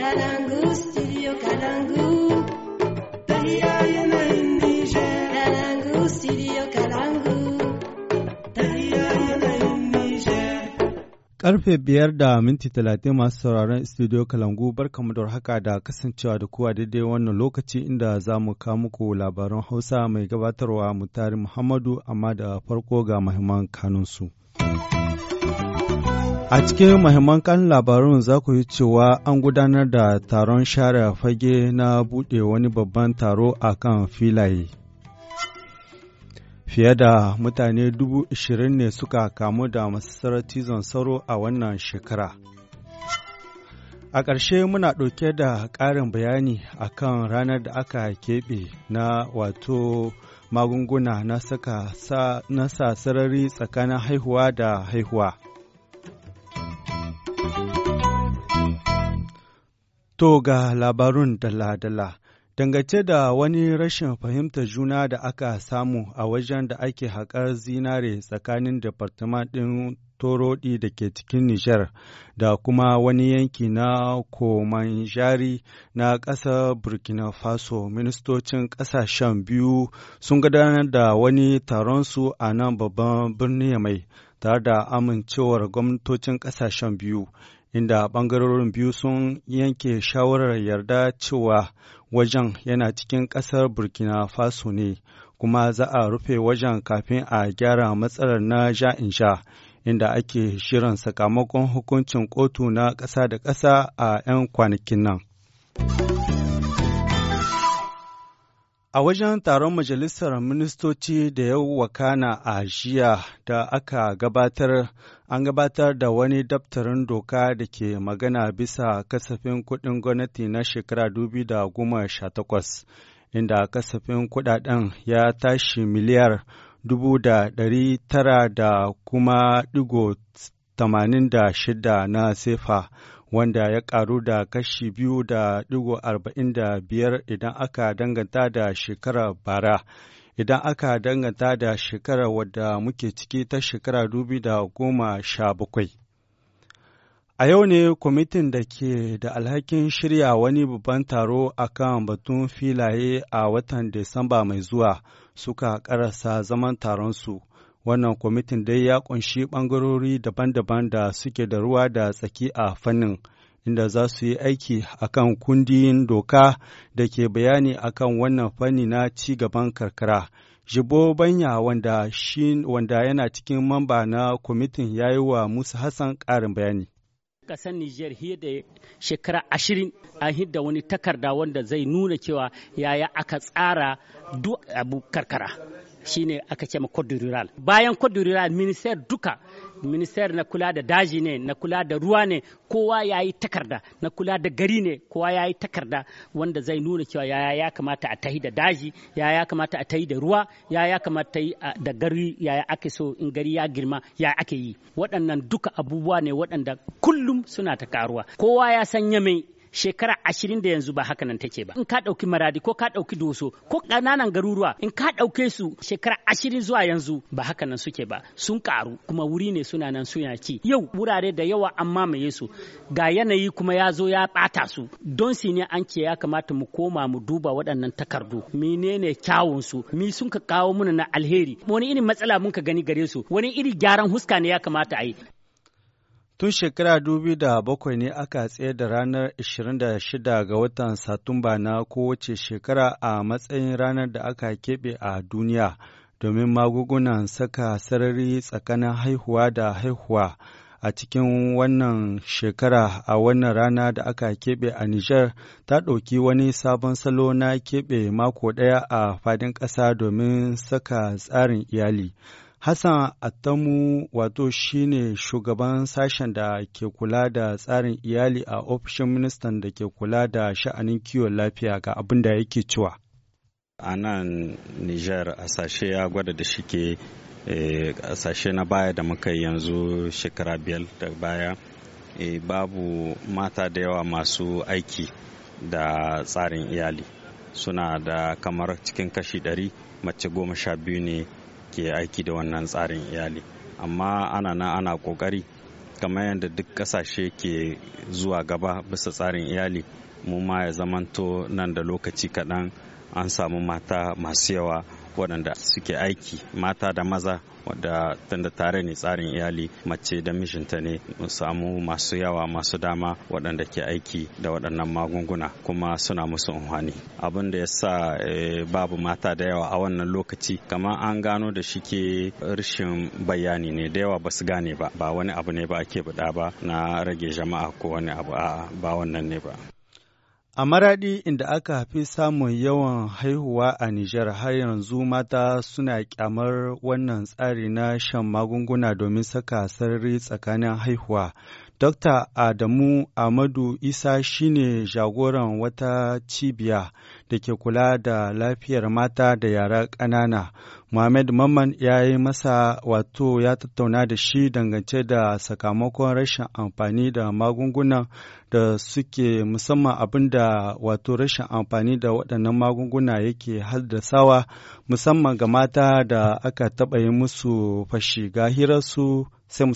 Kalangu, Karfe biyar da minti talatin masu sauraron studio Kalangu barkamu da haka da kasancewa da kowa daidai wannan lokaci inda za mu kawo muku labaran Hausa mai gabatarwa mutari Muhammadu amma da farko ga mahimman kanunsu. A cikin mahimman kan labarun za ku yi cewa an gudanar da taron share fage na buɗe wani babban taro a kan filaye. Fiye da mutane dubu ishirin ne suka kamu da masarar sauro a wannan shekara. A ƙarshe muna ɗauke da ƙarin bayani a kan ranar da aka keɓe na wato magunguna na sa sarari tsakanin haihuwa da haihuwa. To ga labarun dala-dala. dangace da wani rashin fahimtar juna da aka samu a wajen da ake haƙar zinare tsakanin Departement ɗin torodi da ke cikin Nijar da kuma wani yanki na Komanjari na ƙasa Burkina Faso, ministocin ƙasashen biyu sun gudanar da wani taron su a nan babban birni mai tare da amincewar gwamnatocin ƙasashen biyu. inda ɓangarorin biyu sun yanke shawarar yarda cewa wajen yana cikin ƙasar burkina faso ne kuma za a rufe wajen kafin a gyara matsalar na in sha inda ake shirin sakamakon hukuncin kotu na ƙasa da ƙasa a 'yan kwanakin nan. A wajen taron Majalisar Ministoci da ya wakana a jiya da aka gabatar, an gabatar da wani daftarin doka da ke magana bisa kasafin kuɗin gwamnati na shekara 2018, inda kasafin kuɗaɗen ya tashi miliyar dubu da ɗari tara da kuma ɗigo tamanin da shida na sefa wanda ya karu da kashi biyu da digo arba'in da biyar idan aka danganta da shekarar bara. Idan aka danganta da shekarar wadda muke ciki ta shekara dubi da goma sha bakwai. A yau ne kwamitin da ke da alhakin shirya wani babban taro a kan batun filaye a watan Disamba mai zuwa suka karasa zaman taronsu. Wannan kwamitin dai ya ƙunshi bangarori daban-daban da suke da ruwa da tsaki a fannin, inda za su yi aiki akan kundin doka da ke bayani akan wannan fanni na ci gaban karkara. Jibo Banya wanda, shi, wanda yana cikin mamba na kwamitin ya yi wa Musa Hassan ƙarin bayani. ƙasar Nijar hiya da shekara ashirin an hidda wani takarda wanda zai nuna cewa yaya aka tsara duk abu karkara shine aka ce ma code rural bayan code rural minister duka minister na kula da daji ne na kula da ruwa ne kowa ya yi takarda na kula da gari ne kowa ya yi takarda wanda zai nuna cewa ya ya kamata a tahi da daji ya ya kamata a tahi da ruwa ya ya kamata da gari ya ake so in gari ya girma ya ake yi waɗannan duka abubuwa ne waɗanda kullum suna ta karuwa kowa ya san yame shekara ashirin da yanzu ba haka nan take ba in ka ɗauki maradi ko ka ɗauki doso ko ƙananan garuruwa in ka ɗauke su shekara ashirin zuwa yanzu ba haka nan suke ba sun ƙaru kuma wuri ne suna nan su ci yau wurare da yawa an mamaye su ga yanayi kuma ya zo ya ɓata su don si ne an ce ya kamata mu koma mu duba waɗannan takardu menene kyawun su mi sun ka kawo muna na alheri wani irin matsala mun ka gani gare su wani irin gyaran huska ne ya kamata a yi Tun shekara dubi da bakwai ne aka tsaye da ranar 26 ga watan Satumba na kowace shekara a matsayin ranar da aka keɓe a duniya domin magungunan saka sarari tsakanin haihuwa da haihuwa. a cikin wannan shekara a wannan rana da aka keɓe a Nijar ta ɗauki wani sabon salo na keɓe mako ɗaya a fadin ƙasa domin saka tsarin iyali. Hassan Attamu wato shine shugaban sashen da ke kula da tsarin iyali a ofishin ministan da ke kula da sha'anin kiwon lafiya ga abin da yake cewa. A nan Nijar a sashe ya gwada da shi ke eh, a sashe na baya da muka yanzu shekara biyar da baya eh, babu mata da yawa masu aiki da tsarin iyali suna da kamar cikin kashi ɗari mace goma sha biyu ne ke aiki da wannan tsarin iyali amma ana nan ana kokari kamar yadda duk kasashe ke zuwa gaba bisa tsarin iyali mu ma ya zamanto nan da lokaci kaɗan an samu mata masu yawa waɗanda suke aiki mata da maza wadda tunda tare ne tsarin iyali mace da mijinta ne samu masu yawa masu dama waɗanda ke aiki da waɗannan magunguna kuma suna musu unhani abin da ya sa eh, babu mata da yawa a wannan lokaci kamar an gano da shi ke rashin bayani ne da yawa ba su gane ba ba wani abu ne ba ake buɗa ba na rage jama'a ko wani abu a ba wannan ne ba A maraɗi inda aka fi samun yawan haihuwa a Nijar har yanzu mata suna ƙyamar wannan tsari na shan magunguna domin saka sarari tsakanin haihuwa. Dr. Adamu Amadu Isa shine jagoran wata cibiya da ke kula da lafiyar mata da yara ƙanana. Muhammad Mamman ya yi masa wato ya tattauna da shi dangance da sakamakon rashin amfani da magungunan da suke musamman abin da wato rashin amfani da waɗannan magunguna yake haddasawa musamman ga mata da aka taɓa yi musu fashi ga hirarsu sai mu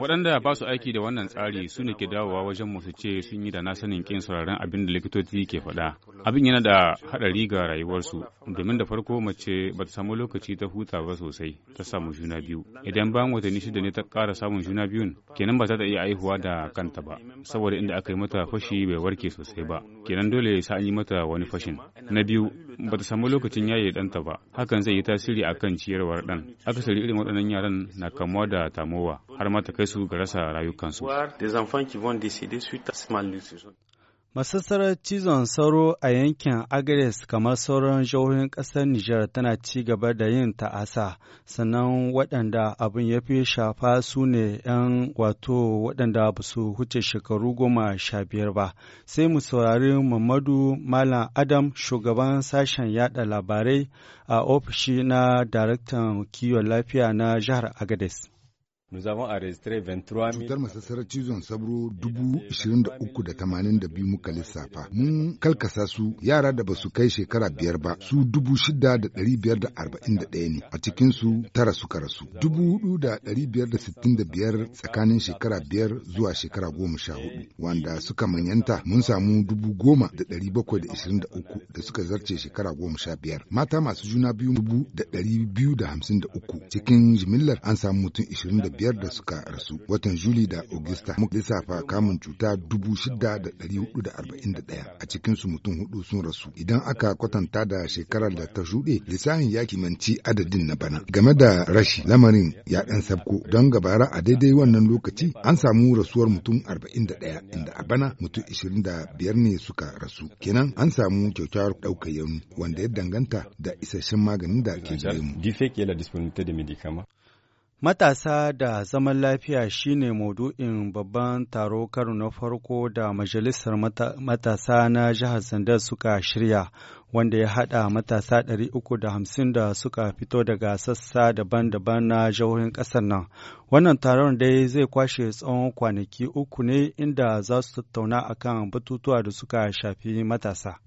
Waɗanda ba su aiki da wannan tsari su ne ke dawowa wajen mu su ce sun yi da na sanin kin sauraron abin da likitoci ke faɗa. Abin yana da haɗari ga rayuwarsu domin da farko mace ba ta samu lokaci ta huta ba sosai ta samu juna biyu. Idan bayan watanni shida ne ta ƙara samun juna biyun kenan ba za ta iya aihuwa da kanta ba saboda inda aka yi mata fashi bai warke sosai ba kenan dole sa an yi mata wani fashin. Na biyu ba ta samu lokacin yaye ɗanta ba hakan zai yi tasiri a kan ciyarwar ɗan akasari irin waɗannan yaran na kamuwa da tamowa har ma ta kai su ga rasa rayukansu Masassarar cizon sauro a yankin Agres kamar sauran jihohin ƙasar Nijar tana ci gaba da yin ta'asa, sannan waɗanda abin ya fi shafa su ne ‘yan wato waɗanda ba su huce shekaru goma sha biyar ba. Sai mu saurari Muhammadu Malam Adam, shugaban sashen yada labarai a ofishi na daraktan kiwon lafiya na jihar Agades. Nous avons enregistré 23 000... Cutar masassarar cizon sabro dubu ishirin da uku da tamanin da biyu muka lissafa. Mun kalkasa su yara da basu kai shekara biyar ba su dubu shida da biyar da arba'in da ɗaya ne a cikin su tara suka rasu. Dubu da biyar da sittin da biyar tsakanin shekara biyar zuwa shekara goma sha hudu wanda suka manyanta mun samu dubu goma da bakwai da ishirin da uku da suka zarce shekara goma sha biyar. Mata masu juna biyu dubu da biyu da hamsin da uku cikin jimillar an samu mutum ishirin da biyar da suka rasu watan Juli da Augusta muka lissafa kamun cuta dubu shida da ɗari hudu da arba'in da ɗaya a cikinsu mutum hudu sun rasu idan aka kwatanta da shekarar da ta shuɗe lissafin ya kimanci adadin na bana game da rashi lamarin ya ɗan sabko don gabara a daidai wannan lokaci an samu rasuwar mutum arba'in da ɗaya inda a bana mutum ishirin da biyar ne suka rasu kenan an samu kyautar ɗaukar yauni wanda ya danganta da isasshen maganin da ke gare mu. Matasa da zaman lafiya shine maudu'in babban taro karo na farko da Majalisar Matasa na Jihar Sandar suka shirya, wanda ya haɗa matasa 350 da suka fito daga sassa daban-daban na jihohin ƙasar nan. Wannan taron dai zai kwashe tsawon kwanaki uku ne inda za su tattauna akan batutuwa da suka shafi matasa.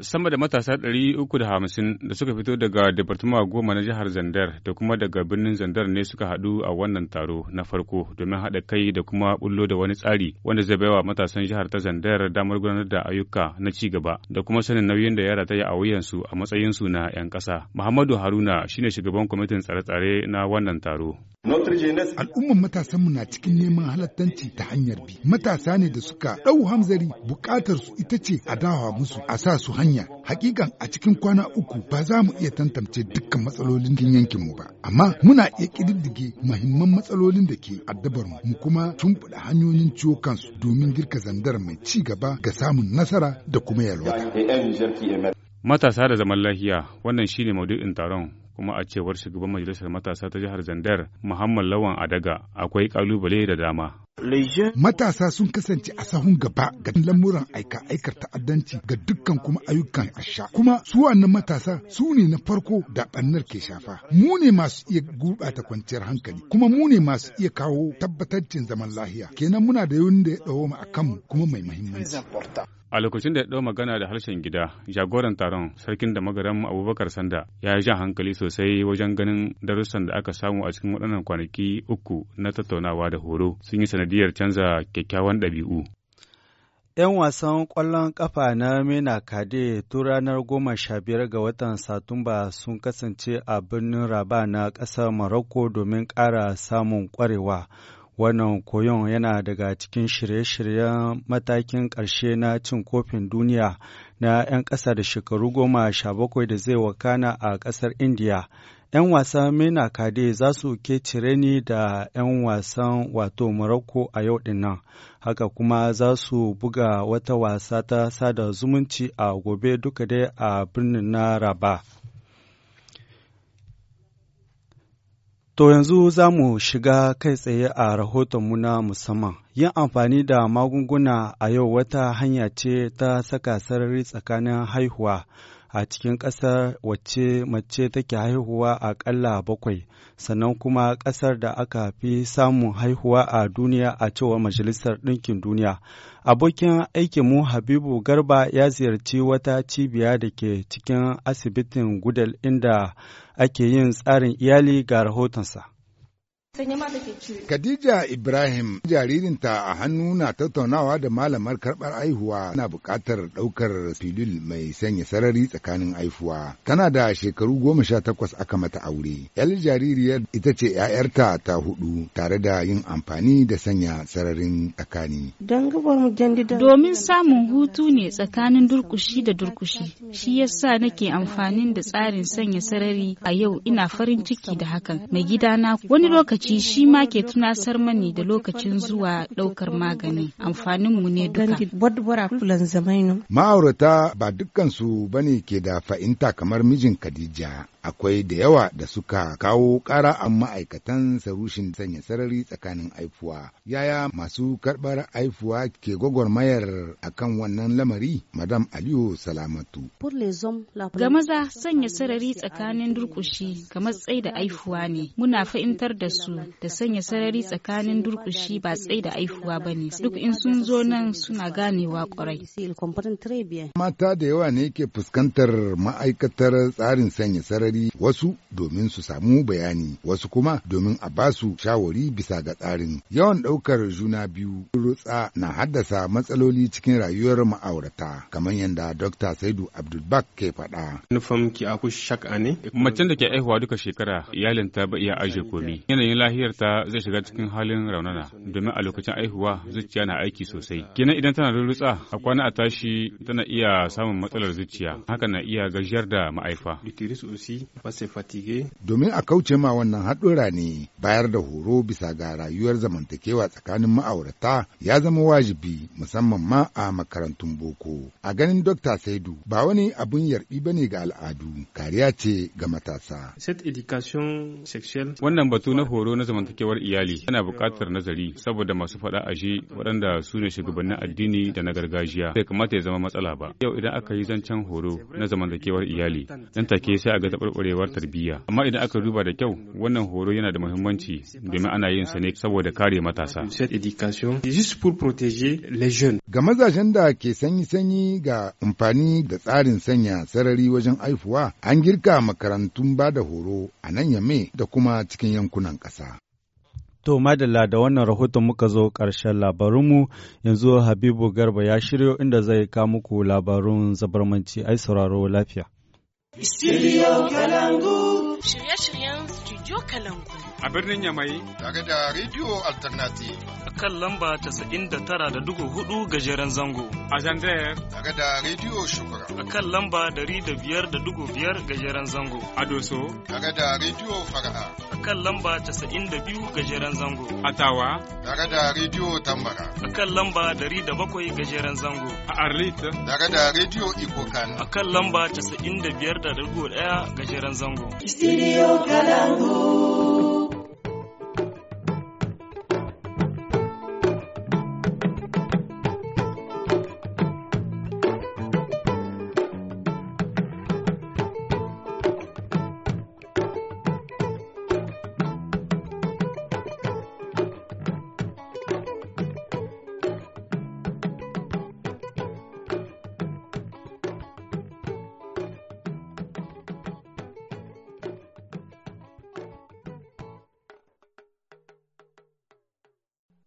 sama da matasa 350 da suka fito daga Departama goma na jihar Zandar da kuma daga birnin Zandar ne suka haɗu a wannan taro na farko domin haɗa kai da kuma bullo da wani tsari wanda zai baiwa matasan jihar ta Zandar damar gudanar da ayyuka na ci gaba da kuma sanin nauyin da ya yi a wuyansu a matsayinsu na 'yan ƙasa. Muhammadu Haruna shine shugaban kwamitin tsare-tsare na wannan taro. Al'umman matasanmu na cikin neman halattanci ta hanyar bi. Matasa ne da suka ɗau hamzari buƙatar su ita ce a dawa musu a sa su hanya. Hakikan a cikin kwana uku ba za mu iya tantance dukkan matsalolin yankin mu ba. Amma muna iya ƙididdige mahimman matsalolin da ke addabar mu mu kuma tumbuɗa hanyoyin ciwo kansu domin girka zandar mai ci gaba ga samun nasara da kuma yalwata. Matasa da zaman lafiya wannan shine maudu'in taron kuma a cewar shugaban majalisar matasa ta jihar Zandar Muhammad Lawan Adaga akwai kalubale da dama. Matasa sun kasance a sahun gaba ga lamuran aika aikar ta'addanci ga dukkan kuma ayyukan asha. Kuma su wannan matasa su ne na farko da bannar ke shafa. Mu ne masu iya gurɓata kwanciyar hankali, kuma mu ne masu iya kawo tabbatancin zaman lahiya. Kenan muna da yawun da ya ɗawo mu a kanmu kuma mai muhimmanci. A lokacin da ya ɗau magana da harshen gida, jagoran taron sarkin da magaran Abubakar Sanda ya yi jan hankali sosai wajen ganin darussan da aka samu a cikin waɗannan kwanaki uku na tattaunawa da horo sun yi sanadiyar canza kyakkyawan ɗabi'u. 'Yan wasan ƙwallon ƙafa na Mena Kade tun ranar goma sha biyar ga watan Satumba sun kasance a birnin Raba na ƙasar Morocco domin ƙara samun ƙwarewa. Wannan koyon yana daga cikin shirye-shiryen matakin ƙarshe na cin kofin duniya na 'yan ƙasa da shekaru goma sha bakwai da zai wakana a ƙasar Indiya. 'Yan wasan Mena Kade za su cire ni da 'yan wasan wato Morocco a yau dinnan haka kuma za su buga wata wasa ta sada zumunci a gobe duka dai a birnin na Rabat. To yanzu za mu shiga kai tsaye a rahotonmu na musamman. Yin amfani da magunguna a yau wata hanya ce ta saka sarari tsakanin haihuwa. a cikin ƙasar wacce mace take haihuwa a aƙalla bakwai sannan kuma ƙasar da aka fi samun haihuwa a duniya a cewa majalisar ɗinkin duniya abokin aikinmu habibu garba ya ziyarci wata cibiya da ke cikin asibitin gudel inda ake yin tsarin iyali ga rahotonsa Khadija Ibrahim jaririnta a hannu na tattaunawa da malamar karɓar aihuwa na buƙatar ɗaukar filil mai sanya sarari tsakanin aihuwa. Tana da shekaru goma sha takwas aka mata aure. Yar jaririyar ita ce ‘ya'yarta ta hudu tare da yin amfani da sanya sararin tsakani. Domin samun hutu ne tsakanin durkushi da durkushi, shi yasa nake amfanin da tsarin sanya sarari a yau ina farin ciki da hakan. Mai gidana wani lokaci likitoci shi ma ke tunasar mani da lokacin zuwa ɗaukar magani amfaninmu ne duka. Ma'aurata ba dukkansu bane ke da fa'inta kamar mijin Khadija. akwai da yawa da suka kawo ƙara a ma'aikatan sarushin sanya sarari tsakanin aifuwa. Yaya masu karɓar aifuwa ke gwagwarmayar akan wannan lamari? Madam Aliyu Salamatu. Ga maza sanya sarari tsakanin durkushi ga matsayi da aifuwa ne. Muna fahimtar da su da sanya sarari tsakanin durkushi ba tsayi da aifuwa ba ne. Duk in sun zo nan suna ganewa kwarai. Mata da yawa ne ke fuskantar ma'aikatar tsarin sanya sarari sarari wasu domin su samu bayani wasu kuma domin a basu shawari bisa ga tsarin yawan ɗaukar juna biyu rutsa na haddasa matsaloli cikin rayuwar ma'aurata kamar yadda Dr. Saidu Abdulbak ke faɗa. Nufan ki aku shak'a ne? Macen da ke aihuwa duka shekara ta ba iya aje komi. Yanayin lahiyar ta zai shiga cikin halin raunana domin a lokacin aihuwa zuciya na aiki sosai. Kenan idan tana rurrutsa a kwana a tashi tana iya samun matsalar zuciya. Hakan na iya gajiyar da ma'aifa. ba sai fatige. Domin a kauce ma wannan haɗura ne bayar da horo bisa ga rayuwar zamantakewa tsakanin ma'aurata ya zama wajibi musamman ma a makarantun boko. A ganin Dokta Saidu ba wani abun yarɗi ba ne ga al'adu kariya ce ga matasa. Set education sexual. Wannan batu na horo na zamantakewar iyali yana buƙatar nazari saboda masu faɗa ashe waɗanda su ne shugabannin addini da na gargajiya bai kamata ya zama matsala ba. Yau idan aka yi zancen horo na zamantakewar iyali nan take sai a ga kwarewar tarbiyya. Amma idan aka duba da kyau wannan horo yana da muhimmanci domin ana yin sa ne saboda kare matasa. Ga mazajen da ke sanyi-sanyi ga amfani da tsarin sanya sarari wajen aifuwa an girka makarantun ba da horo a nan yame da kuma cikin yankunan ƙasa. To madalla da wannan rahoton muka zo ƙarshen mu yanzu Habibu Garba ya shiryo inda zai kawo muku labarun zabarmanci ai sauraro lafiya. Studio Kalangu. Shirye-shiryen Studio Kalangu. a birnin Yamai. Tare da Radio Alternative. A kan lamba tasa'in da tara da dugu hudu gajeren zango. A Zandayar. Tare da Radio Shukura. A kan lamba dari da biyar da dugu biyar gajeren zango. A Doso. Tare da Radio Fara'a. A kan lamba 92 da biyu gajeren zango. A Tawa. Tare da Radio Tambara. A kan lamba dari da bakwai gajeren zango. A Arlit. Tare da Radio Ikokan. A kan lamba 95.1 da biyar da dugu gajeren zango. Studio Kalangu.